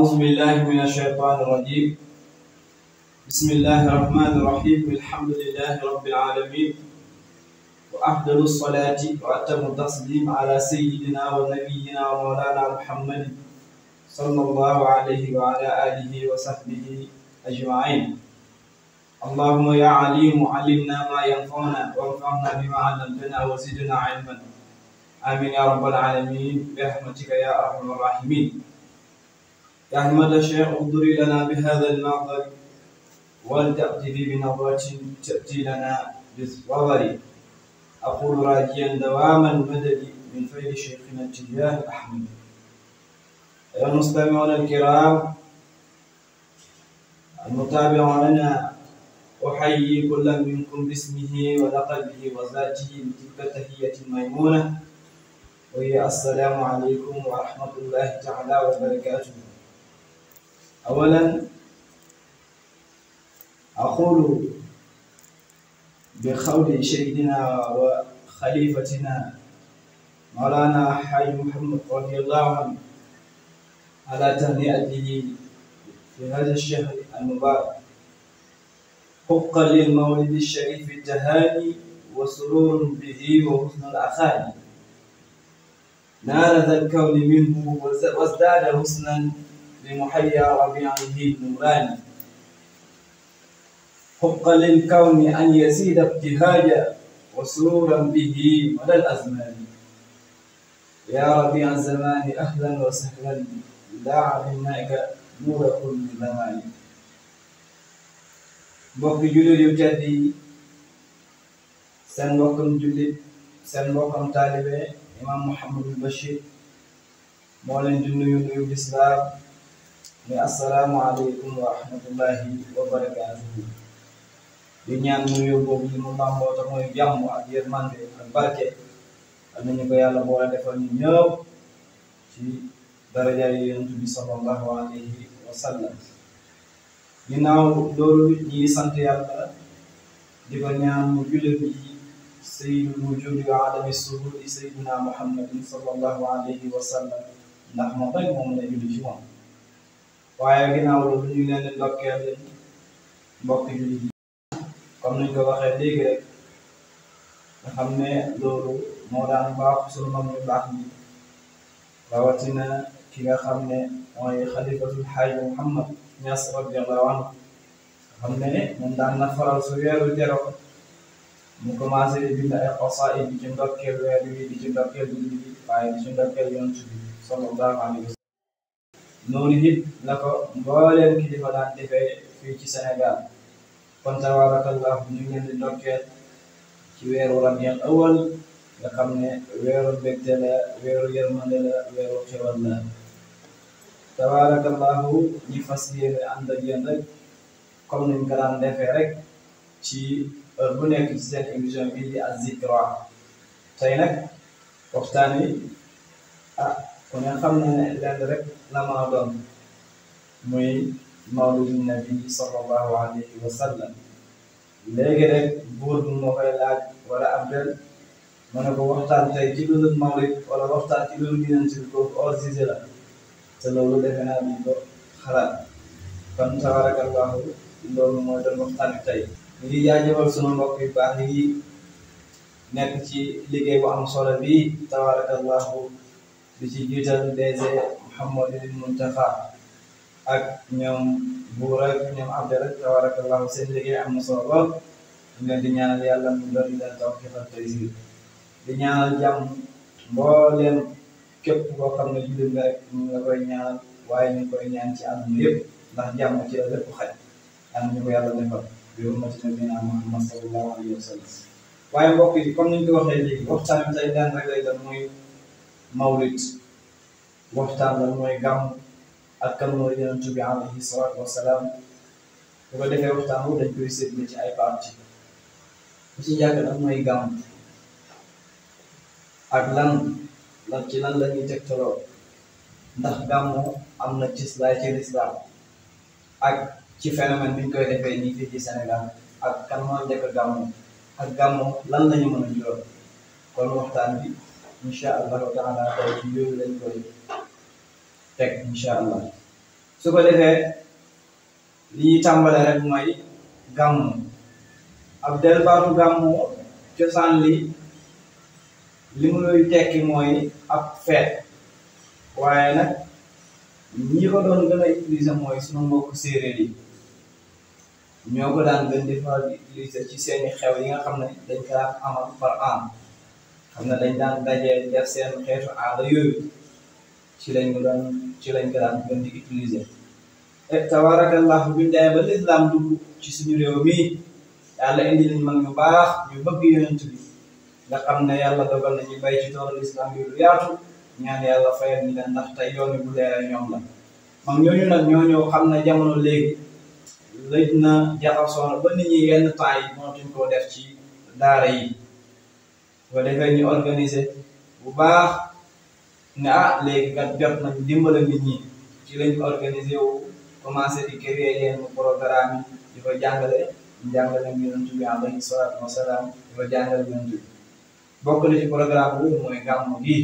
أعوذ بالله من الشيطان الرجيم بسم الله الرحمن الرحيم الحمد لله رب العالمين وأفضل الصلاة وأتم التسليم على سيدنا ونبينا ومولانا محمد صلى الله عليه وعلى آله وصحبه أجمعين اللهم يا عليم علمنا ما ينفعنا وانفعنا بما علمتنا وزدنا علما آمين يا رب العالمين برحمتك يا أرحم الراحمين يا أحمد الشيخ انظري لنا بهذا المنظر ولتأتي بنظرة تأتي لنا بالظفر أقول راجيا دواما المدد من فعل شيخنا التجاه الأحمد أيها المستمعون الكرام المتابعون لنا أحيي كل منكم باسمه ولقبه وذاته بتلك تحية ميمونة وهي السلام عليكم ورحمة الله تعالى وبركاته أولا أقول بقول شيخنا وخليفتنا مولانا حي محمد رضي الله عنه على تهنئته في هذا الشهر المبارك حقا للمولد الشريف التهاني وسرور به وحسن الأخاني نال ذا الكون منه وازداد حسنا لمحيا ربيعه النوراني حقا للكون أن يزيد ابتهاجا وسرورا به مدى الأزمان يا ربيع الزمان أهلا وسهلا لا منك نور كل زمان mbokk jullit yu tedd yi seen mbokkum jullit seen mbokkum taalibe imam Mouhamadul Bachir moo leen di nuyu nuyu lislaam ne asalaamaaleykum wa rahmatullahi wa barakaatuhu di ñaan nuyoo boobu li mu làmboo te mooy jàmm ak yërmande ak barke am nañu ko yàlla boole defal ñu ñëw ci daraja yi yonent bi sallallahu alayhi wa sallam ginnaaw loolu ñi sant yàlla di ñaan mu jullit yi sayidul wujudi wa adami suhudi sayiduna muhammadin sallallahu alayhi wa sallam ndax moom rek moom la julli ci moom waaye ginnaaw loolu ñu ngi leen di ndokkeel mbokk jullit yi comme ni ñu ko waxee léegi rek nga xam ne loolu moo daan baax sunu mag ñu baax ñi rawatina ki nga xam ne mooy xalifatul xaaj Muhammad Ñas radiyallahu anhu nga xam ne moom daan na faral su weeru mu commencé di bind ay xosaay di ci ndokkeel weer wi di ci ndokkeel jullit yi waaye di ci ndokkeel yonent bi sallallahu alayhi wa sallam noonu it la ko mbooleem kilifa daan defee fii ci Sénégal kon tabaarakallaahu ñu ngi leen di ndokkeel ci weeru rabiul awal nga xam ne weeru mbégte la weeru yërmande la weeru xewal la tabaarakallaahu ñi fas yéene ànd ak yéen rek comme niñ ko daan defee rek ci heure bu nekk ci seen émission bi di Az-Zikra tey nag waxtaan wi ah ku ne xam ne lenn rek la mën a doon muy mawludu nabi sallallahu alayhi wa sallam léegi rek buur bi wala abdel ma ne waxtaan tey ci lu dul wala waxtaan ci lu dul yonent bi te loolu defe naa duñ ko xalaat kon tabarakallahu loolu mooy doon waxtaan tey ñu ngi jaajëfal sunu mbokk yu baax yi nekk ci liggéey bu am solo tabarakallahu di ci jiital DG Mouhamadul Muntafa ak ñoom buur ak ñoom Abdel ak tabarakallahu seen liggéey am na solo lool ñu leen di ñaanal yàlla mu doon daal taw kefal taysir di ñaanal jàmm mbooleem képp koo xam ne jullit nga rek ñu nga koy ñaanal waaye ñu koy ñaan ci àdduna yëpp ndax jàmm ci la lépp xaj am ñu ko yàlla defal bi ummati nabina Muhammad sallallahu alayhi wa sallam waaye mbokk yi comme ko waxee léegi waxtaan bi tey daan rek muy mawlit waxtaan la mooy gàmm ak kan mooy yonent bi alayhi salaatu wasalaam bu defee waxtaan wu dañ koy séddale ci ay ci njàkk nag mooy gàmm ak lan lan ci lan la ñuy ndax gàmmu am na ci lay ci lislaam ak ci phénomène bi ñu koy defee nii fii ci ak kan moo njëkk gàmmu ak gàmmu lan lañu ñu mën a kon waxtaan bi. incha allahu taala tey ci yooyu lañ koy teg incha allah su ko defee li ñuy tàmbale rek mooy gàmmu ab delbaatu gàmmu cosaan li li mu luy tekki mooy ab feet waaye nag ñi ko doon gën a mooy sunu mbokku séeréer yi ñoo ko daan gën di faral ci seeni xew yi nga xam ne dañ ko daan amal xam na dañ daan dajee def seen xeetu aada yooyu ci lañ ko daan ci lañ ko daan gën di utiliser te tabarakallah buñ demee ba lislaam dugg ci suñu réew mi yàlla indi lañ mag ñu baax ñu bëgg yonent bi nga xam na ñu bay ci toolu lislaam yu yaatu ñaan yàlla fayal ñu leen tey yoon bu leer ñoom la mag ñooñu nag ñoo ñëw xam ne jamono léegi lëj na jaxasoo na ba nit ñi yenn temps yi mënatuñ koo def ci daara yi boo defee ñu organiser bu baax ne ah léegi kat jot nañ dimbala nit ñi ci lañ organiser wu commencé di créer yenn programme yi di ko jàngale jàngale yonent bi alayhi salaatu bi bokk na ci programme boobu mooy gàmmu gi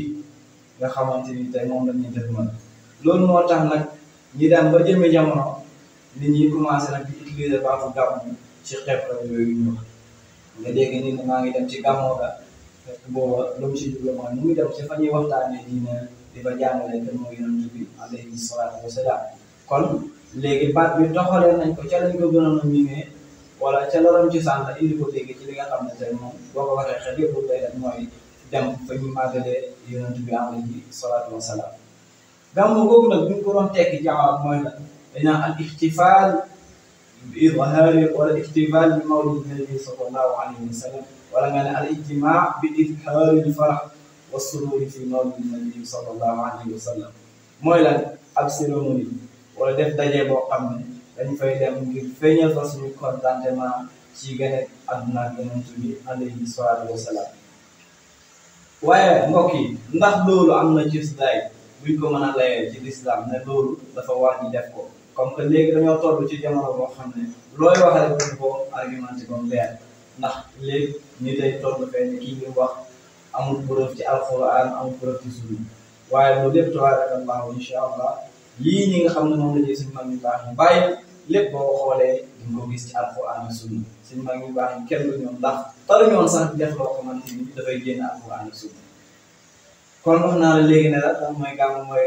nga xamante ni tey moom la ñuy def mën loolu moo tax nag ñi daan ba jëmee jamono nit ñi commencé nag di utiliser baatu gàmmu ci xeetu yooyu ñu wax nga maa ngi dem ci gàmmoo ga boo booba loolu si jublu mooy nu muy dem ci fa ñuy waxtaanee diine di ba jàngale te moo yonent bi alayhi salaatu wa salaam kon léegi baat bi doxalee nañ ko ca lañ ko gënoon a mimee wala ca loram ci sànq indi ko léegi ci li nga xam ne tey moom boo ko waxee xel yëpp day mooy dem fa ñu màggalee yonent bi alayhi salaatu wa salaam. gàmmu googu nag bu ko doon tekki jawaab mooy la dañaa al ixtifaal bi idhaari wala ixtifaal bi mawlid nabi wala nga ne al ijtimaa bi idhaaril farah wa suruuri fi mawlidin nabii sallallahu alayhi wa sallam mooy lan ab cérémonie wala def daje boo xam ne dañ fay dem ngir feeñal fa suñu contentement ci gane àdduna ak yonent bi alayhi salaatu wa waaye mbokk yi ndax loolu am na ci sidaay buñ ko mën a layee ci lislaam ne loolu dafa war ñu def ko comme que léegi dañoo toll ci jamono boo xam ne looy wax rek ko argumenté ba mu leer ndax léegi ñu tey toog na fenn kii ñu wax amul preuve ci alxuraan amul preuve ci sunna waaye loolu lépp tabaarakallahu incha allah lii ñi nga xam ne moom la ñuy suñu mag ñu baax ñu bàyyi lépp boo xoolee di ko gis ci alxuraan ak sunna suñu mag baax ñu kenn du ñoom ndax talu ñoon kon naa la léegi ne la moom mooy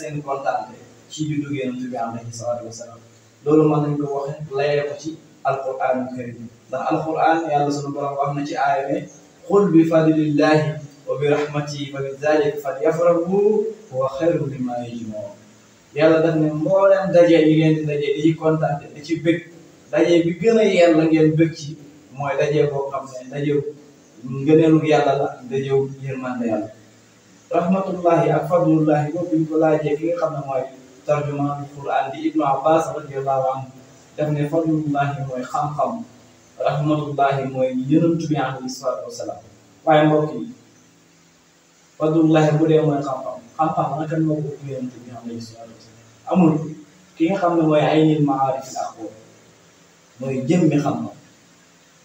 seen kontaante ci bi duggee nañu fi bi am alayhi ci alxuraan karim ndax alquran yàlla sunu borom wax na ci aaya ne bi fadlillahi wa bi rahmatihi fa bi dalika falyafrahu huwa xayru mimma yajmaun yàlla daf ne mbooleem daje yi ngeen di daje di ci kontaan di ci bëgg daje bi gën a yàlla ngeen bëgg ci mooy daje boo xam ne daje ngëneelu yàlla la daje yërmande yàlla rahmatullahi ak fadlullahi boobu ñu ko laajee ki nga ne mooy tarjumaan quran di ibnu abbas radiallahu anhu daf ne fadlullahi mooy xam-xam rahmatullahi mooy yonent bi alayhi salaatu wasalaam waaye mbokk yi fadlullahi bu dee mooy xam-xam xam-xam naka moo ko ëpp yonent bi alayhi salaatu wasalaam amul ki nga xam ne mooy aynil maarif ak mooy jëmmi xam-xam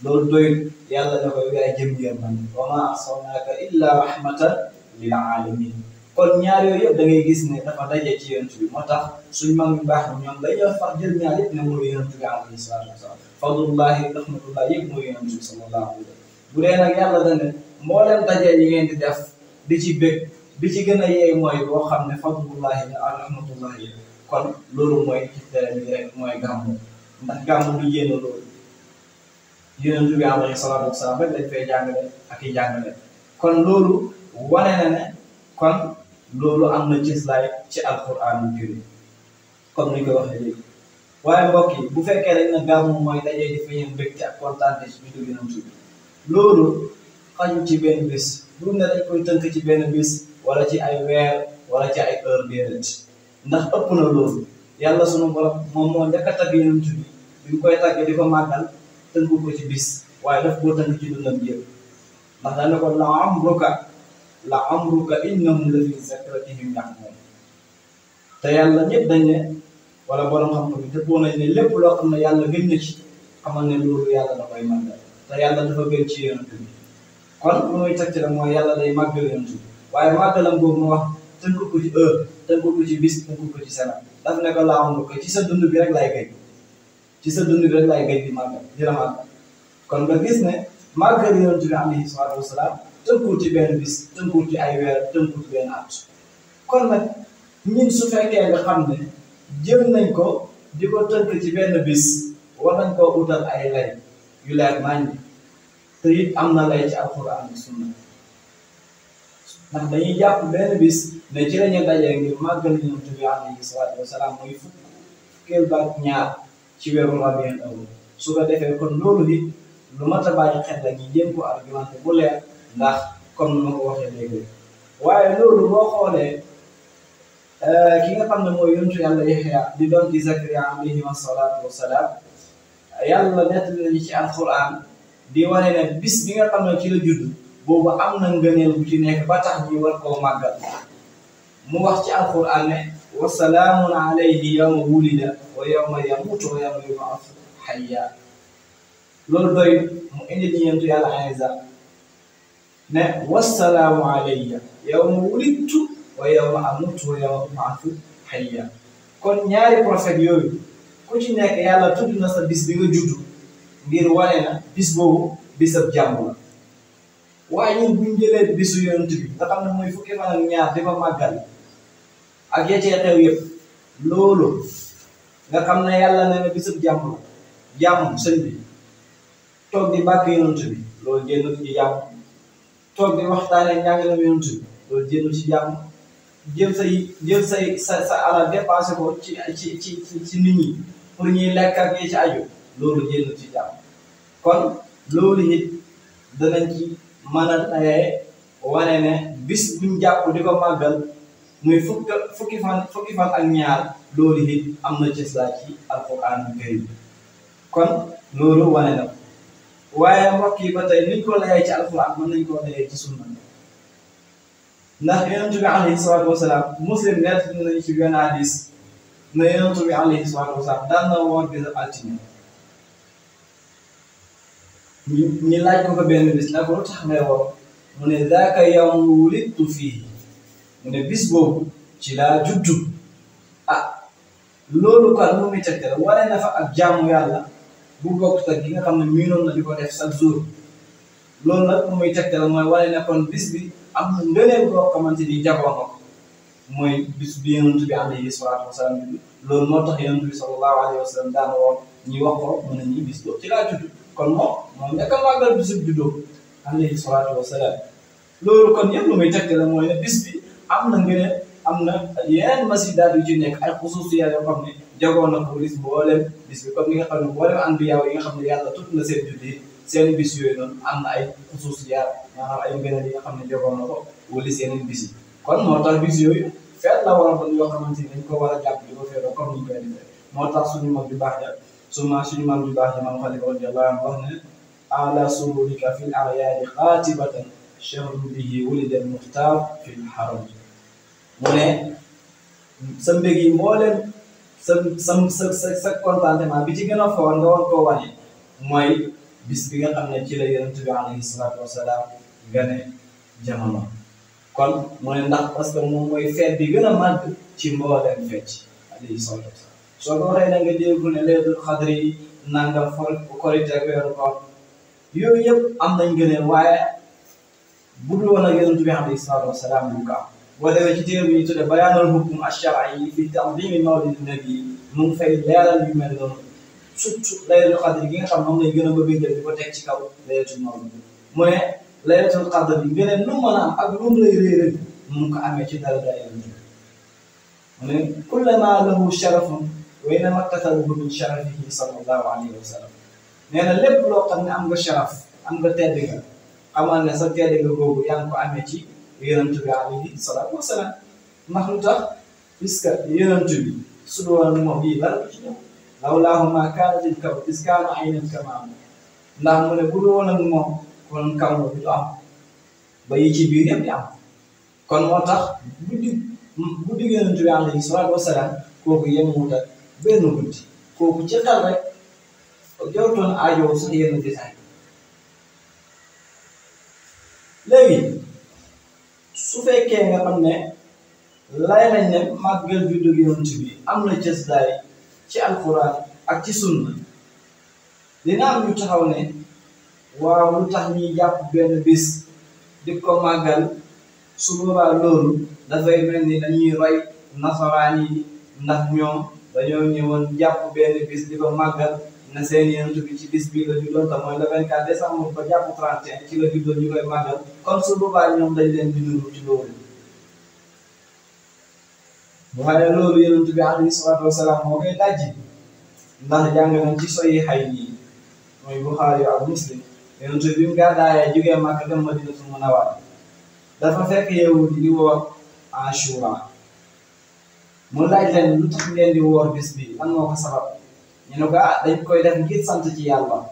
loolu doyul yàlla na koy yaay jëmmi yërmande wa maa arsalnaaka illaa rahmatan lil aalamiin kon ñaar yooyu yëpp da gis ne dafa daje ci yonent bi moo tax suñ mag ñu baax na ñoom dañoo far jël ñaar yëpp ne mooy yonent bi alayhi salaatu wa salaam fadlullahi rahmatullahi yëpp mooy yonent bi sallallahu alayhi wa sallam bu dee nag yàlla da ne moo leen daje yi ngeen di def di ci bég bi ci gën a yee mooy boo xam ne fadlullahi rahmatullahi kon loolu mooy ci tere bi rek mooy gàmmu ndax gàmmu du yéen a loolu yonent bi alayhi salaatu wa salaam rek dañ fay jàngale ak i jàngale loolu am na cëslaay ci alquran karim comme ni koy waxee léegi waaye mbokk yi bu fekkee rek na gàmmu mooy dajee di feeñal mbégte ak kontaante ci biir loolu xañu ci benn bés bu ne dañ koy tënk ci benn bés wala ci ay weer wala ci ay heure déedéet ndax ëpp na loolu yàlla sunu borom moom moo njëkk a tagg yonent bi ñu koy tagg di ko màggal tënku ko ci bis waaye daf koo tënk ci dundam yëpp ndax dana ko la am la amruka innahum la fi sakratihim ya'mahuun te yàlla ñëpp dañ ne wala borom xam-xam yi dëppoo nañ ne lépp loo na ne yàlla gën na ci xamal ne loolu yàlla da koy màggal te yàlla dafa gën ci yonent bi kon lu muy teg ci mooy yàlla day màggal yonent bi waaye màggalam boobu wa wax tënk ko ci heure tënk ko ci bis tënk ko ci semaine daf ne ko laa amruka ci sa dund rek laay gëj ci sa dund rek laay gëj di màggal di la màggal kon nga gis ne màggal yonent bi tënkul ci benn bis tënkul ci ay weer tënkul ci benn at kon nag ñun su fekkee nga xam ne jël nañ ko di ko tënk ci benn bis war nañ koo utal ay lay yu leer nañ te it am na lay ci alxuraan sunna ndax dañuy jàpp benn bis ne ci la ñu dajee ngir màggal bi alayhi salaatu wasalaam muy fukkeel baak ñaar ci weeru Rabiul Awwal su ko defee kon loolu it lu mat a bàyyi xel la ñu jéem bu leer. ndax comme ni ma ko waxee léegi waaye loolu boo xoolee euh, ki nga xam ne mooy yontu yàlla Yaxya di doon di Zakariya alayhi salaatu wasalaam yàlla nettali nañu ci alquran di wane ne bis bi nga xam ne ci la judd boobu am na ngëneel bu ci nekk ba tax ñu war koo màggal mu wax ci alquran ne wa salaamun alayhi yawma wulida wa yawma yamuutu wa yawma yub'ath hayya loolu doy mu indi ñeentu yàlla Aysa ne wassalaamu alayya yawma wulidtu wa yawma amutu wa yawma ubaatu hayya kon ñaari prophète yooyu ku ci bis bi nga juddu ngir wane na bis boobu bisab jàmm la waaye ñun buñ jëlee bisu yonent ak ñaar di ko màggal ak ya toog di bàkk yonent bi loolu génn ci jàmm toog di waxtaanee njàngale yonent loolu jëlu ci jàmm jël say jël say sa sa alal dépassé ko ci ci ci nit ñi pour ñuy lekk ak ñi ci aju loolu jëlu ci jàmm kon loolu it danañ ci mën a tayee wane ne bis buñ jàpp di ko màggal muy fukk fukki fan ak ñaar loolu it am na cëslaa ci alquran karim kon loolu wane na waaye mbokk yi ba tey niñ ko layee ci alxuraan mën nañ koo layee ci sunna ndax yonent bi alayhi salaatu wasalaam muslim nett nañ ci benn hadis na yonent bi alayhi salaatu wasalaam daan na woor bi altine ñi laaj ko ko benn bis na ko lu tax woor mu daaka yawmu wulidtu fii mu bis boobu ci laa juddu ah loolu kan lu muy tegtal wane na fa ak jaamu yàlla bu bokkut ak ki nga xam ne miinoon na di ko def chaque jour loolu nag muy tegtal mooy wane ne kon bis bi am na ngëneel boo xamante ni jagoon na ko mooy bis bi yonent bi alayhi salaatu wasalaam bi loolu moo tax yonent bi sallallahu alayhi wa sallam daan woon ñi wax ko mën nañu bis o ci laa judd kon moom moom nekk màggal bisub juddoo alayhi salaatu wasalaam am na ngëneel am na yeneen masidaat yu ci nekk ay xusuusiyaat yoo xam ne. jagoon na ko lis mboolem bis bi comme ni xam ne mboolem anbiya yi nga xam ne yàlla tudd na seen judd yi seen bis yooyu noonu am na ay xusuusiyaat maanaam ay ngëneel yi nga xam ne jagoon na ko wala seen bis yi kon moo tax bis yooyu feet la war a doon yoo xamante ni dañ ko war a jàpp di ko feetoo comme ni ñu koy defee moo tax suñu bi baax ja suma suñu mag fi l xaatibatan chahrun bihi wulida al muxtaar fi l mu ne sa mbég sa sa sa sa sa contentement bi ci gën a foor war koo wane mooy bis bi nga xam ne ci la yonent bi alayhi salaatu wasalaam gane jamono kon mu ndax parce que mooy feet bi gën a màgg ci mbooleem fecc alayhi na wasalaam soo ko waxee da nga déglu ne leetul xadri yi nangam fol korite ak weeru koor yooyu yëpp am nañ gëneel waaye budul woon ak yonent bi alayhi salaatu wasalaam du ko boo demee ci téere bi ñu tudde bayaanal hukum ash-shar'i fi nabi mu ngi fay leeral yu mel noonu surtout laylatul qadr gi nga xam moom lay gën a ba béykat bi ko ci kaw laylatul mawlid mu ne laylatul qadr bi ngeen nu mën a am ak lu mu lay réeral mu ngi ko amee ci dara dara yàlla mu ne kullamaa lahu sharafun wa innama iktasabahu min alayhi wa sallam nee na lépp loo xam ne am nga sharaf am nga tedd nga xamal ne sa tedd nga googu yaa ngi ko amee yonent bi alayhi salaatu wasalaam ndax lu tax bi su doon moom yii dara du ci ñëw lawlaahu maa kaanatil kaw is kaana aynan kamaa ndax mu ne bu doon ak moom kon kaw bi du am ba yi ci biir yëpp di kon moo tax bu di bu di yonent bi alayhi salaatu wasalaam kooku yemut ak benn guddi kooku ci xel rek jawtoon aajow sax yenn détail léegi su fekkee nga xam ne lay nañ ne màggal juddu yonent bi am na cëslaay ci alquran ak ci sunna dina am ñu taxaw ne waaw lu tax ñuy jàpp benn bis di ko màggal su boobaa loolu dafay mel ni dañuy roy nasaraan yi ndax ñoom dañoo ñëwoon jàpp benn bis di ko màggal ne seen yonent bi ci bis bii la juddoo te mooy le 24 décembre ba jàpp 31 ci la juddoo ñu koy màggal kon su boobaa ñoom dañ leen di nuru ci loolu. waaye loolu yonent bi alayhi salaatu wasalaam moo koy dajji ndax jàng nañ ci soyi xay yi mooy Buxaari ak Muslim yonent bi mu gàddaayee jógee Màkka dem Madinatul Munawwara dafa fekk yow di woor Ashura mu laaj leen lu tax ngeen di woor bis bi lan sabab. ñu ne ko ah dañ koy def ngir sant ci yàlla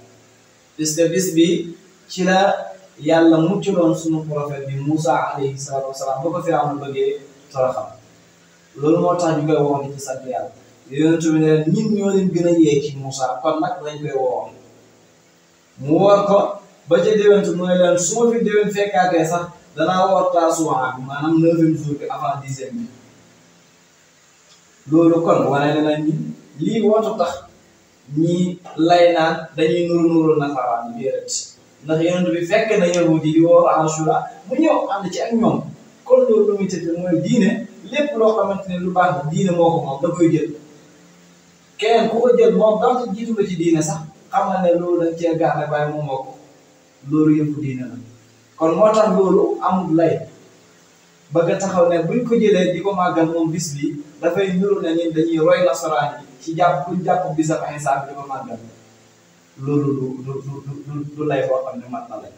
puisque bis bi ci la yàlla mucculoon sunu prophète bi Moussa alayhi salaatu wasalaam ba ko Firawna bëggee toroxam loolu moo tax ñu koy woo ci sant yàlla yonent bi ne ñun ñoo leen gën a yee ci Moussa kon nag dañ koy woo mu woor ko ba ca déwén mu ne leen su ma fi déwén fekkaatee sax danaa woor taasuwaa maanaam neuvième jour bi avant dixième bi loolu kon wane na ni lii wootu tax ñii lay naan dañuy nuru nuru nasaraan bi rek ndax yonent bi fekk na yahudi di woor Ashura mu ñëw ànd ci ak ñoom kon loolu lu muy tëdd mooy diine lépp loo xamante ne lu baax diine moo ko moom da koy jël keneen ku ko jël moom donte jiitu la ci diine sax xam ne loolu dañ cee gàllankoor waaye moom moo ko loolu yëpp diine la kon moo tax loolu amul lay. ba a taxaw ne buñ ko jële di ko màggal moom bis bi dafay nuru na ñun dañuy roy nasaraan yi ci jàpp jàpp bisab Iisaa bi ko màggal ne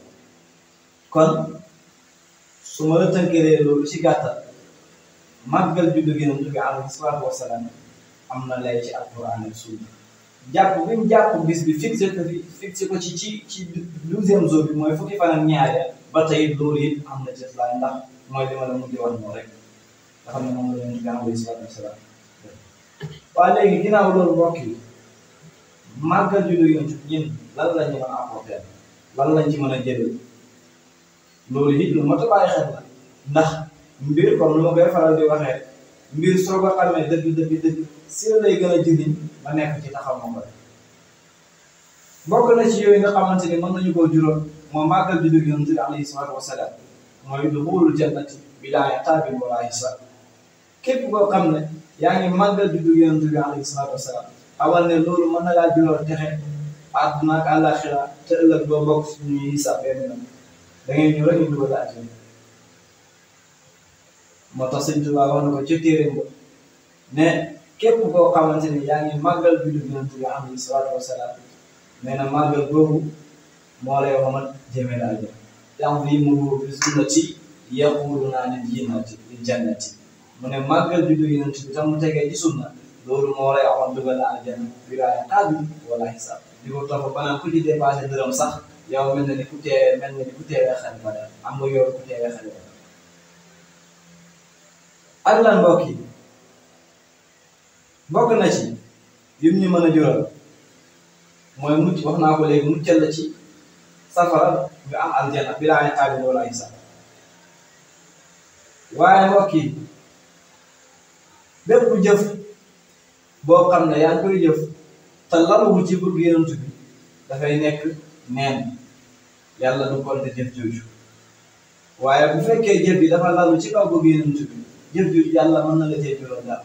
su ma la tënkalee ci gàttal màggal juddu gi na lay ci alquran jàpp bis bi fixé ko ko ci ci ci douzième jour bi mooy fukki fan ak ñaareel ba tey loolu it am na jëf laay ndax. mooy li ma la mujjee woon moom rek nga xam ne moom la ñu jàng alayhi salaatu wasalaam waaye léegi ginnaaw loolu mbokk yi màggal juddu yi ñun lan la ñu mën a apporter lan lañ ci mën a jëlee loolu it lu mot a bàyyi xel la ndax mbir comme lu ma koy faral di waxee mbir soo ko xamee dëgg dëgg dëgg si la lay gën a jëriñ ba nekk ci taxaw moom rek bokk na ci yooyu nga xamante ni mën nañu koo juróom moo màggal juddu yi yonent bi alayhi salaatu wasalaam mooy duxulul jannati bilaa iqaabin walaa hisaab képp o xam ne yaa ngi màggal di dugg yonent bi alayhi salaatu wasalaam xamal ne loolu mën na laa jural texe àdduna ak àllaaxira te ëllëg doo bokk suñuy hisaab benn na da ngay ñëw rek ñu dugal la àjjana moo tax sëñ Tuubaa wax na ko ca téere ba ne képp koo xamante ne yaa ngi màggal bi dugg yonent bi alayhi salaatu wasalaam nee na màggal boobu moo lay wamal jëmee la àjjana tanzimuhu bi sunnati yaquluna lil jannati lil jannati mu ne màggal juddu yonent bi tam mu tegee ci sunna loolu moo lay waxoon dugal aljanna wilaaya xaabi wala xisaab di ko topp ba naan ku ci dépassé dërëm sax yow mel na ni ku teewee mel na ni ku teewee xel ba dara am nga yow ku teewee xel ba dara ak lan mbokk yi bokk na ci yim ñu mën a jural mooy mucc wax naa ko léegi muccal ci safara nga am aljana bi laa xaajal wala isa waaye mbokk yi bépp boo xam ne yaa ngi koy jëf te ci bëgg yonent bi dafay nekk neen yàlla du compte jëf jooju waaye bu fekkee jëf bi dafa lalu ci kaw bëgg yonent bi jëf jooju yàlla mën na la cee jural daal.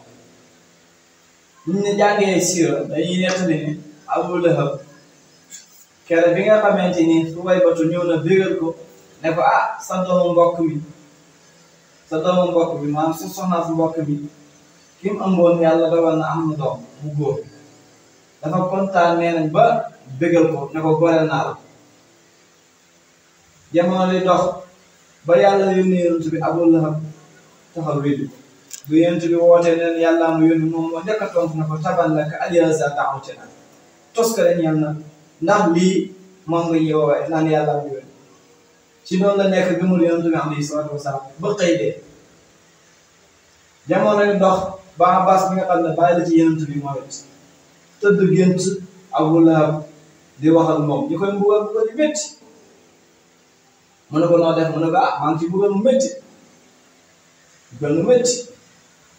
ñu ne jàngee siira dañuy nekk ne Abu Lahab kere bi nga xamante ni su way batu ñëw na bégal ko ne ko ah sa doomu mbokk mi sa doomu mbokk mi maanaam su soxnaas mbokk mi ki mu ëmboon yàlla dogal na am na doom bu góor dafa kontaan nee nañ ba bégal ko ne ko goreel naa la jamono li dox ba yàlla yónni yonent bi Abu Lahab taxaw wéddi ko du yonent bi wootee neen yàlla mu yónni moom moo njëkk a tontu ne ko tabal laka al-yawma ta'uutina tos ka dañu yàlla ndax lii moom nga yeewaay naan yàlla am yoon ci noonu la nekk gëmul yonent bi alayhi salaatu wasalaam ba xëy dee jamono dox ba Abbas bi nga xam ne bàyyi la ci yonent bi mooy tëdd gént Abu Lahab di waxal moom ñu koy mbugal mbugal yu métti mu ne ko noo def mu ne ko ah maa ngi ci mbugal mu métti mbugal mu métti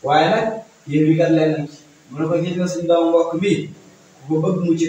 waaye nag yéen wi kat leen nañ ci mu ne ko gis nga suñu doomu ci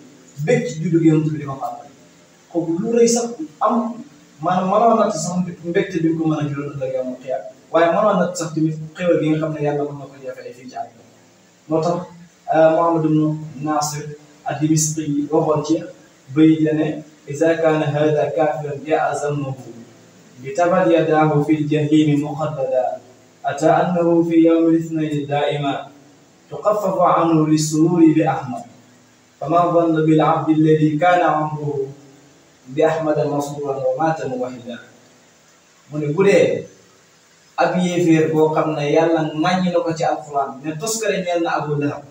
bépp ci juddu gi yonent bi di ko fàttali kooku lu rëy sax am maanaam mënoon na sax mbégte bi ko mën a jural ëllëg yow mu xiyaat waaye mënoon na sax tamit xéwal gi nga xam ne yàlla mën na ko jafe fii ci àddina moo tax euh, Muhammad ibn Nasir ad-Dimashqi waxoon ci bay la ne iza kaana haada kaafiran jaa zannuhu bi tabat yadaahu fi jahimi muqaddada ata annahu fi yawmi l-ithnayni daa'ima tuqaffafu anhu li sururi bi ahmad فما ظن بالعبد الذي كان عمره bi ahmada masruran wa mata muwahida mu ne bu dee ab yéeféer boo xam ne yàlla ŋàññi na ko ci alquran mais toskare ñeel na abu lahab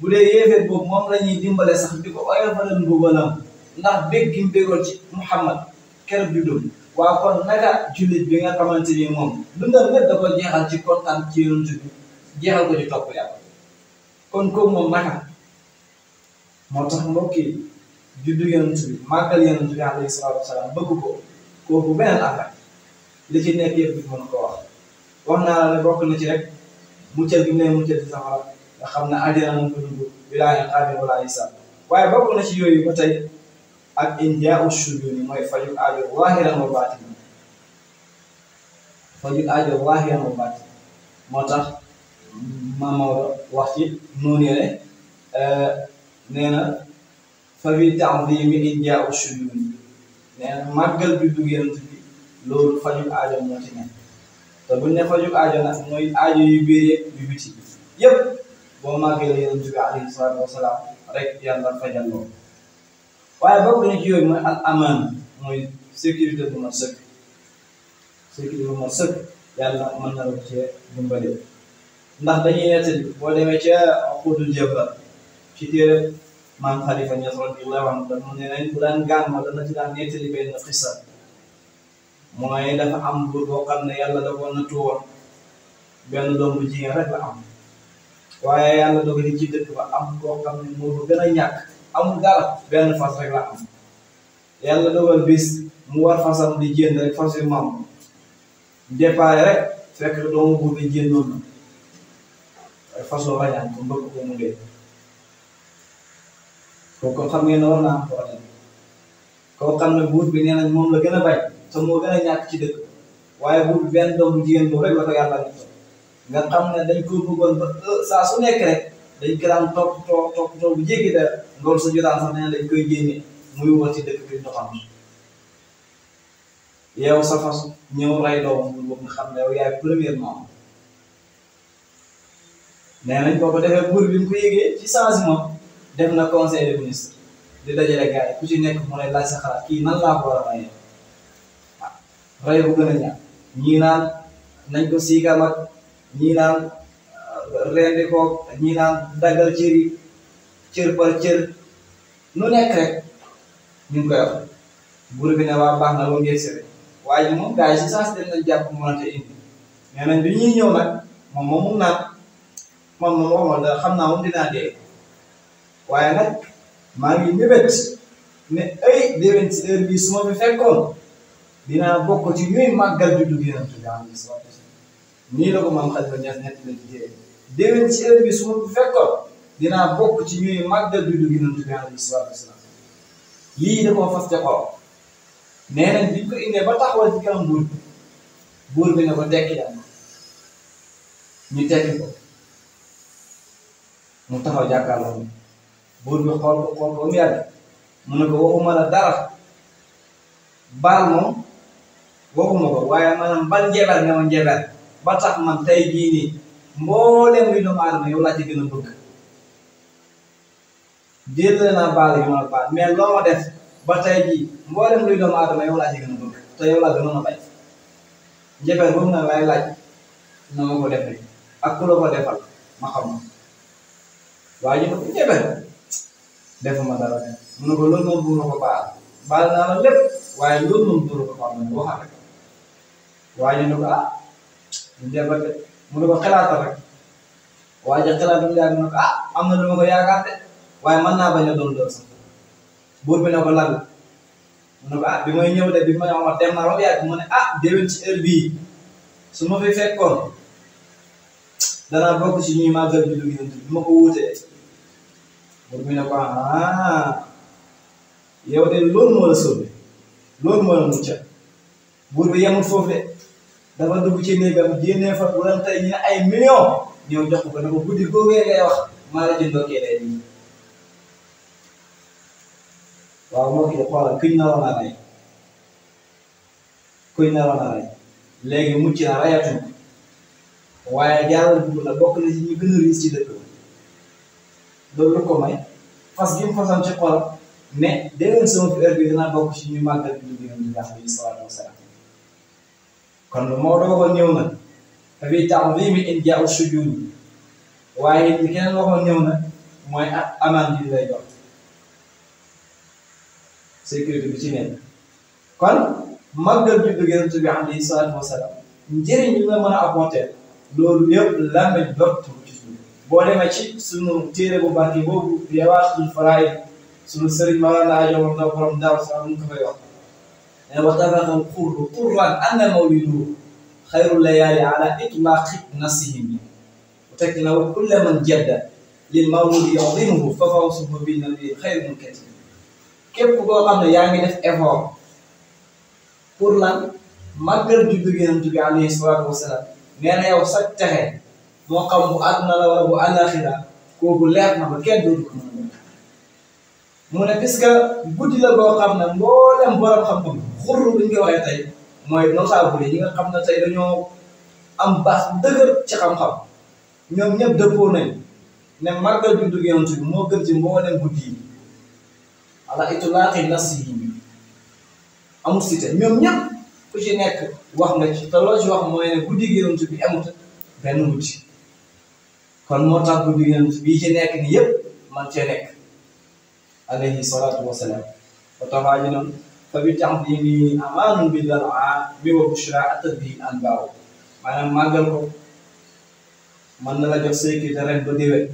bu dee yéeféer boobu moom la ñuy dimbale di ko oyofalal mbugalam ndax bég gi mbégoon ci muhammad ker juddum waa kon naka jullit bi nga xamante ni moom dundal lépp da ko jeexal ci kontaan ci yonent bi jeexal ko topp yàlla kon kooku moom moo tax mbokk yi juddu yonent bi màggal yonent bi alayhi salaatu wasalaam bëgg ko kooku beneen affaire li ci nekk yëpp mën ko wax wax naa la ne bokk na ci rek muccal gi mu ne muccal ci safara nga xam ne àddina moom ko dugg bilaa iqaabi wala hisaab waaye bokk na ci yooyu ba tey ak injaa'u shujuuni mooy faju aajo waahiran wa baatinan faju aajo waahiran wa baatinan moo tax ma ma wax ci noonu ne nee na fa bi ta'zimi injaa suyuun nee na màggal bi du yonent bi loolu faju aajo moo ci nekk bu ne faju aajo nag mooy aajo yu biir yu biti yëpp boo màggalee yonent bi alayhi salaatu wasalaam rek yàlla fajal loolu waaye bokk na ci yooyu mooy al amaan mooy sécurité bu ma sëkk sécurité bu ma sëkk yàlla mën na la ko cee ndax dañuy nettali boo demee ca xudul jabal ci téere maam Xalifa Ñas radiyallaahu anhu dañu ne nañ bu daan gàmmu dana ci daan nettali benn xisa mooy dafa am buur boo xam ne yàlla da ko nattu woon benn doom bu jigéen rek la am waaye yàlla dogali ci dëkk ba am koo xam ne moo ko gën a ñàkk benn fas rek la am yàlla dogal bis mu war fasam di jënd rek fas yu mam rek fekk doomu buur bi jëndoon na façon rajaan ko mbëkk ko mu dee kooku xam ngeen ne war naa am problème koo xam ne buur bi nee nañ moom la gën a bañ te moo gën a ci dëkk waaye buur bi benn doomu jigéen boobu rek yàlla ñu nga xam ne dañ ko sa jotaan sax nee na dañ koy génne muy woon ci dëkk bi doxam yow sa fas ñëw rey doomam nga xam ne yow yaay premièrement nee nañ ko defee buur bi mu ko yégee ci changement dem na conseil des ministres di dajale gars ku ci nekk mu lay laaj sa kii nan laa ko war a rayee gën a ñaaw ñii naan nañ ko siikal ak ñii naan euh, rendi ko ñii daggal cër cër par cër nu nekk rek ñu koy wax buur bi ne waa baax na ba ngeen waaye ji moom gars yi si dem nañ jàpp mënante indi mais nag bi ñuy ñëw nag moom moom mun naan moom moom waxoon xam naa moom dinaa dee waaye nag maa ngi mébét ne ay déwén ci heure bii su ma fi fekkoon dinaa bokk ci ñuy màggal juddu bi yonent bi alayhi salaatu wasalaam nii la ko maam Xalifa Ñas ñett la liggéey déwén ci heure bii su ma fekkoon dinaa bokk ci ñuy màggal juddu bi yonent bi alayhi salaatu wasalaam lii da koo fas ca kaw nee nañ biñ ko indee ba taxawal ci kanam buur bi ne ko tekki daal ñu tekki ko mu taxaw jàkkaarloo buur bi xool ko xool ko mu yàgg mu ne ko waxuma la dara baal moom waxuma ko waaye maanaam ban njeebar nga ma njeebar ba tax man tey jii nii mboolem luy doomu aadama yow laa ci gën a bëgg déedéet naa baal yu ma la baal mais loo ma ba tey jii mboolem luy doomu aadama yow laa ci gën a bëgg te yow laa gën a bañ njeebar boobu nag laay laaj na ma ko defee ak ku la ko ma xam waaye ñu ko njeebar defuma dara mu ne ko loolu mu duuru ko baal baal naa la lépp waaye loolu moom duuru ko baal man waxal rek waaye ñu ko ah ñu dem rek mu ne ko xalaatal rek waaye ja xalaat bi daal ne ko ah am na lu ma ko yaakaar de waaye mën naa bañ a doon doon sax buur bi ne ko lan mu ne ko ah bi may ñëw de bi may wax dem naa ba yàgg mu ne ah déwén ci heure bii su ma fi fekkoon danaa bokk ci ñuy màggal bi lu yëngu bi ma ko wuutee. pour mu ne ko ah yow de loolu moo la sauvé loolu moo la mucca buur bi yemul foofu dafa dugg ci néegam génnee fa wala tey ñu ay millions ñëw jox ko ne ko guddi googee ngay wax maa la jëndoo kee day waaw moo kii xoolal kuñ naroon a rey kuñ naroon a rey léegi mucc na rayatuñ ko waaye jaaral buur la bokk na ñu gën a riis ci dëkk loolu ko may fas gi mu fasan ci xolam mais déwén sama fi heure bi dinaa bokk ci ñu màggal bi ñu ngi wax bi salaatu wasalaam kon moo doon waxoon ñëw na dafay tax lii mi indi jaaw sujuud waaye li keneen waxoon ñëw na mooy ak lay jox sécurité bi ci nekk kon màggal juddu Yonent bi alayhi salaatu wasalaam njëriñ li la mën a apporter loolu yëpp lan la jot ci suuf boo demee ci sunu téere bu barke boobu bi Yawaaqil Faraa'id sunu sëriñ Mawlana Ajo na borom Daaru Salaam mu ngi ko fay wax ne wa tafatal xurru turran anna mawlidu xayru layaali ala itlaaqi nasihim teg na wa kulla man jadda lil mawludi yadimuhu fa fawsuhu bin nabi xayru munkatim képp koo xam yaa ngi def effort pour lan màggal juddu Yonent bi alayhi salaatu wasalaam nee na yow sa texe moo xam bu àdduna la wala bu àllaaxira kooku leer na ba kenn dootu ko mën a mu ne puisque guddi la boo xam ne mboolem borom xam-xam xurru bi ñu koy waxee tey mooy notable yi nga xam ne tey dañoo am baax dëgër ci xam-xam ñoom ñëpp dëppoo bi moo gën ci mboolem guddi yi ala itlaaqi nas ñoom ñëpp ku ci nekk wax nga ci te ci wax mooy ne guddi gi Yonent bi amut benn guddi. kon moo tax bu digg bii ci nekk ni yëpp man cee nekk alayhi salaatu wasalaam wa tafaaji noonu fa bi tax di ni amaanun bi dal a bi wa bushra atat bi an baaw maanaam màggal ko mën na la jox sécurité ren ba déwén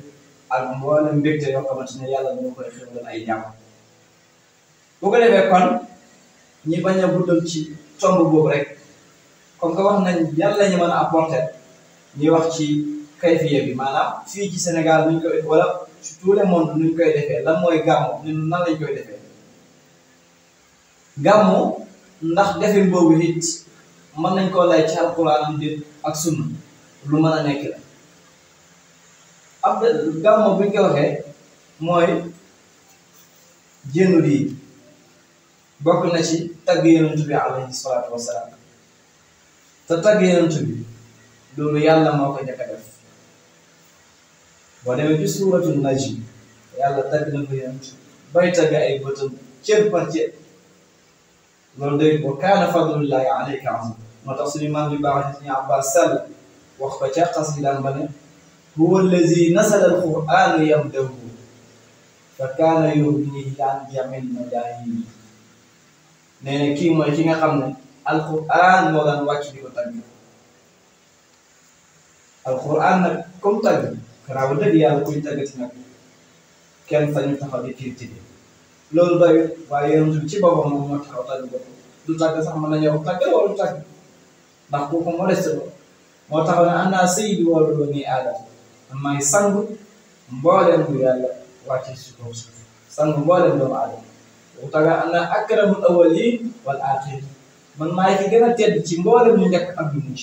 ak mboolem mbégte yoo xamante ne yàlla moo koy xewlal ay jàmm bu ko defee kon ñi bañ a guddal ci tomb boobu rek comme que wax na yan la ñu mën a apporter ñi wax ci kayfiye bi maanaam fii ci Sénégal nuñ koy wala ci tout nuñ koy defee lan mooy gàmmu ñun nan lañ koy defee gàmmu ndax defin boobu it mën nañ koo lay ci alquran ak sunna lu mën a nekk la ab gàmmu buñ ko waxee mooy jénnu lii bokk na ci tagg yonent bi alayhi salaatu wasalaam te tagg yonent bi loolu yàlla moo ko njëkk boo demee ci suuratul najm yàlla tagg na ko yonent bay tagg ay bëtam cër par cër loolu day wa kaana fadlullahi alayka azim moo tax suñu maam bi baax ni Abbas Sall wax ko ca xasiidaan ba ne huwa allazi nasala alqur'ana yabdahu fa kaana yuhnihi an jamil madaayini nee na kii mooy ki nga xam ne alquran moo daan wàcc di ko tàgg alquran nag comme tàgg xanaa bu dëgg yàlla kuy daggati nag kenn sañu taxaw di critiqué loolu doyul waaye yonent bi ci boppam moom moo taxaw tàgg boppam du tàgg sax mën na ñëw tàgg wala du tàgg ndax kooku modeste ba moo taxaw ne ana sayyidu wala lu ñuy aadama may sang mbooleem bu yàlla wàcce si kaw suuf wal axirin man maay ki gën a tedd ci mbooleem ñu njëkk ak ñu mujj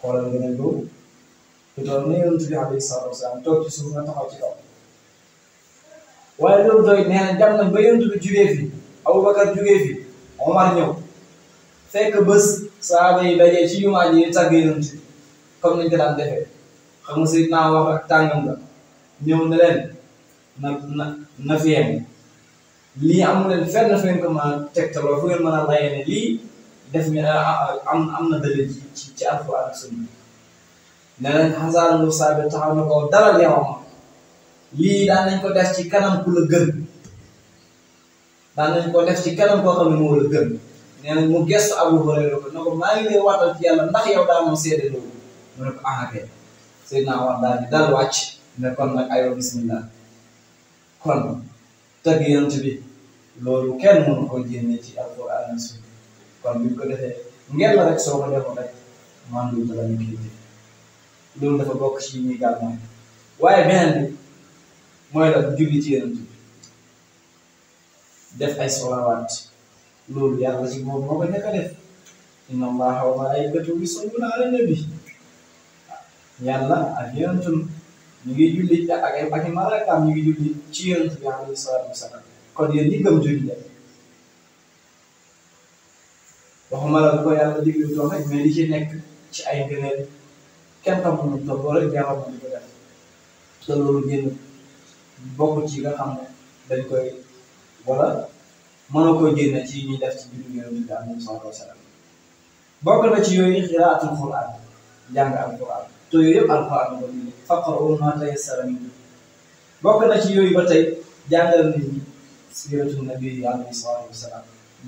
xoolal beneen boobu te doon na yonent bi alayhi salaatu wasalaam toog ci suuf nga taxaw ci kaw waaye loolu doy nee na dem na ba yonent jugee fi Aboubacar jugee fi Omar ñëw fekk bés saaba yi dajee ci jumaa ji ñu tàgg yonent bi comme ni ñu ko daan defee xam nga si naa wax ak tàngam la ñëw na leen na na na lii amu leen fenn fen ko mën a tegtaloo fu mën a layee lii def mi ah, ah, am am na dalil ci ci alquran ak sunna ne leen xasaar lu saabi taxaw na ko dalal yow ma lii daan nañ ko def ci kanam ku la gën daan ko def ci kanam koo xam ne moo la gën na mu gestu Abu Hurayra ko ne ko maa ngi waatal ci yàlla ndax yow daa moom seede loolu mu ne ko ah, kenn mënu ko jénne ci alquran ak sunna kon bu ñu ko defee ngeen la rek soo ko defoon rek man lu dara ñu kii loolu dafa bokk ci ñuy gàll mooy waaye beneen bi mooy la julli ci yonent bi def ay solawaat loolu yàlla ci moom moo ko njëkk a def inna allaha wa malaa'ikatahu yusalluuna ala nabi yàlla ak yonentam ñu ngi julli ak ak ak malaakaam ñu ngi julli ci yonent bi alayhi salaatu wa salaam kon yéen ñi gëm julli ma la bu ko yàlla digle toog rek mais li ci nekk ci ay gëneel kenn xamul ñu toog wala jaaroo bokk ci nga xam ne dañ ko génne ci ñuy ci biir na ci yooyu xiraatul Qur'an jàng alquran te yooyu yëpp alquran la ñu wa salaam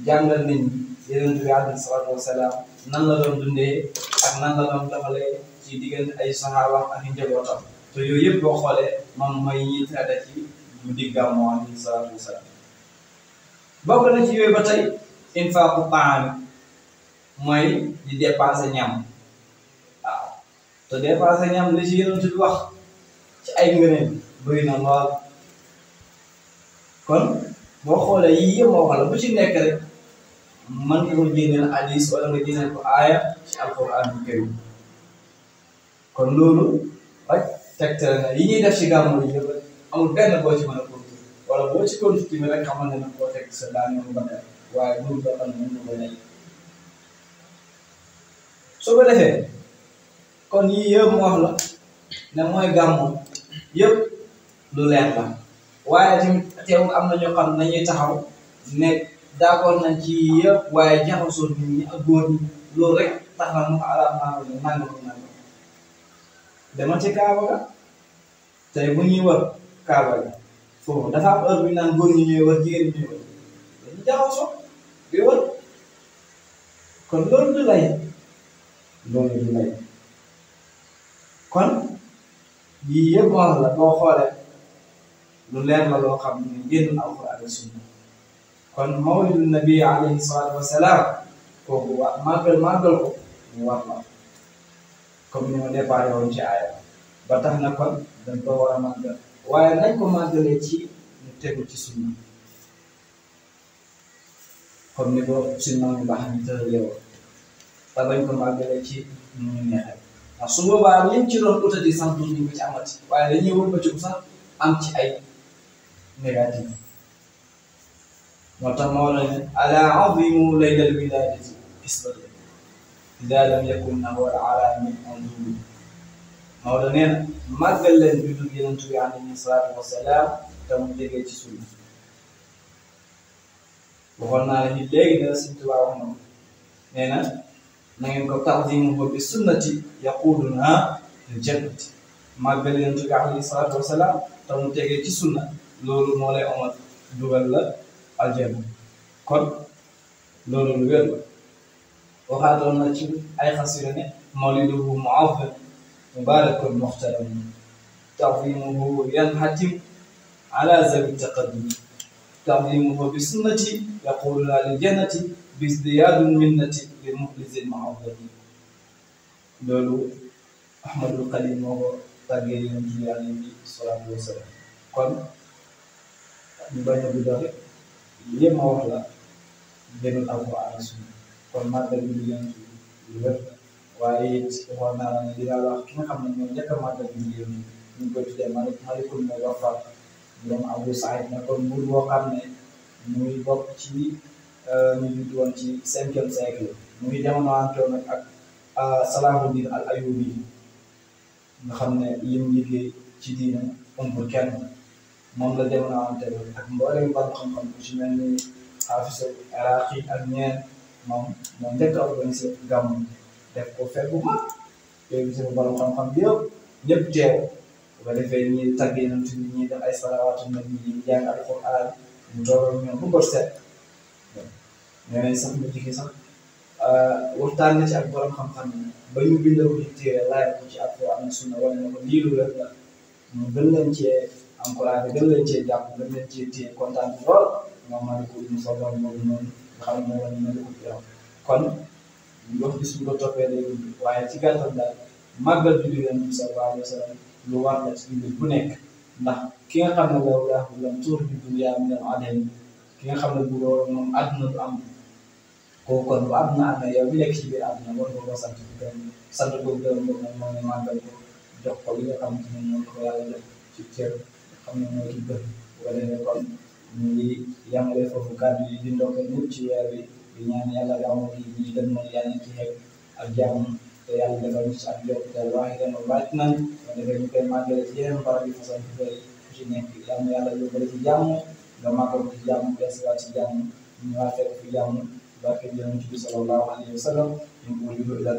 jàngal nit yonent bi alayhi salaatu wasalaam nan la doon dundee ak nan la doon doxalee ci diggante ay saxaaba ak njabootam te yooyu yëpp boo xoolee moom mooy ñi traité ci guddi gàmmu alayhi salaatu wasalaam bokk na ci yooyu ba tey infaaqu taam mooy di dépensé ñam waaw te dépensé ñam li ci yonent bi wax ci ay ngëneel bëri na lool kon boo xoolee yii yëpp bu ci nekk rek. mën nga ko génneel hadis wala nga génneel ko aaya ci alquran bi karim kon loolu rek tegtal na yi ñuy def ci gàmmu yi yëpp amul benn boo ci mën a kontu wala boo ci kontu tamit rek xamal ne nag boo teg sa daan yoon ba tey waaye mënul ba ne ko nekk soo ko defee kon yii yëpp mu wax la ne mooy gàmmu yëpp lu leer la waaye tamit am na ñoo nañu taxaw nekk d'accord nañ ci yëpp waaye jaxasoo nit ñi ak góor rek tax na mu xaaral maa ngi leen nangam nangam dama ci Kaaba ga tey bu ñuy wër Kaaba ga foofu dafa am heure bu ñu naan góor ñi ñuy wër jigéen ñi ñuy kon loolu du lay loolu du lay kon yii yëpp wax la boo xoolee lu leer la loo xam ne génn alxuraan ak sunna kon mawlidu nabi alayhi salaatu wasalaam kooku wa màggal màggal ko mu war la comme ni ma déparé woon ci aaya ba tax na kon dañ ko war a màggal nañ ko màggalee ci ñu tegu ci sunna comme ni ko sunna mu baax ñu tëralee woon ba ko màggalee ci ñu ñu neexee ndax su boobaa liñ ci doon utati sax duñ ñu ko ci amati waaye dañuy wëlbatiku sax am ci ay négatif moo tax moo la ala azimu laylal wilaadati isbatan ida lam yakun nahwa alaami andubi moo la nee na màggal leen juddu yonent bi alayhi salaatu wasalaam te mu jege ci suuf waxoon naa la ni léegi dara Sëñ Tuubaa wax na ko nee na na ngeen ko taqdimu ko bi sunnati yaquduna lil jannati màggal yonent bi alayhi salaatu wasalaam te mu tegee ci sunna loolu moo lay amal dugal la aljanna kon loolu lu wér waxaatoon na ci ay xasida ne mawliduhu mu'azzam mubarakun muxtaram تعظيمه ينحتم على ذوي التقدم تعظيمه بسنتي يقول لا للجنة بازدياد المنة لمخلص المعظم loolu Ahmadul Xalil moo ko tàggee yéen ci yàlla bi salaatu wasalaam kon ñu bañ a guddal rek lii ma wax la benn alquran sunna kon màggal bi ñu nga xam ne ñoo njëkk a màggal bi ñu yonent ko tuddee Malik Malikul Muwaffaq ñoom Abu Saïd ne kon mbir boo xam ne muy bokk ci euh, ñu judd woon ci cinquième siècle mu ngi jamono antoon nag ak euh, Salahuddin al nga xam ne lim liggéey ci diina ëmb kenn moom la demoon awante ak mboolem ban xam-xam bu ci mel ni ak ñeen moom moom njëkk a organisé def ko fekk bu mag yooyu gis nga borom xam-xam bi yëpp ñëpp teew bu ko defee ñuy tàggee nañ fi ñuy def ay salawaatu nag ñuy jàng alquran ñu dooroon ñoom bu ko set nee mu jigi sax euh, waxtaan ci ak borom xam-xam yi ba ñu bindoo ko ci ci alquran ak sunna wane na ko la mu gën leen cee encouragé gën leen cee jàpp gën leen cee téye kontaan bi lool moom Malicounda mu soxla moomu noonu ko kon ndox bi suñ ko toppee léegi waaye ci bi di leen sallallahu alayhi wa lu bu nekk ndax ki nga xam ne loolu yaa ko lan tur ki nga xam ne bu am kooku kon ko sant bu gën sant moom ko jox ko li nga ne moom ko yàlla def ci cër xam ne mooy ki gën bu kon ñu ngi yàngale foofu yi di ndokkee ñëpp ci weer bi di ñaan yàlla gàmmu gi ñu dem mooy yàlla ci xew ak jàmm te yàlla defal ñu si ci yeneen barab yi façon bu bëri ci nekk yàlla yàlla yóbbale ci jàmm nga màggal ci jàmm desuwaat ci jàmm ñu waa fekk fi jàmm barke bi yonent bi sallallahu alayhi wa sallam ñu ko yóbbu ilal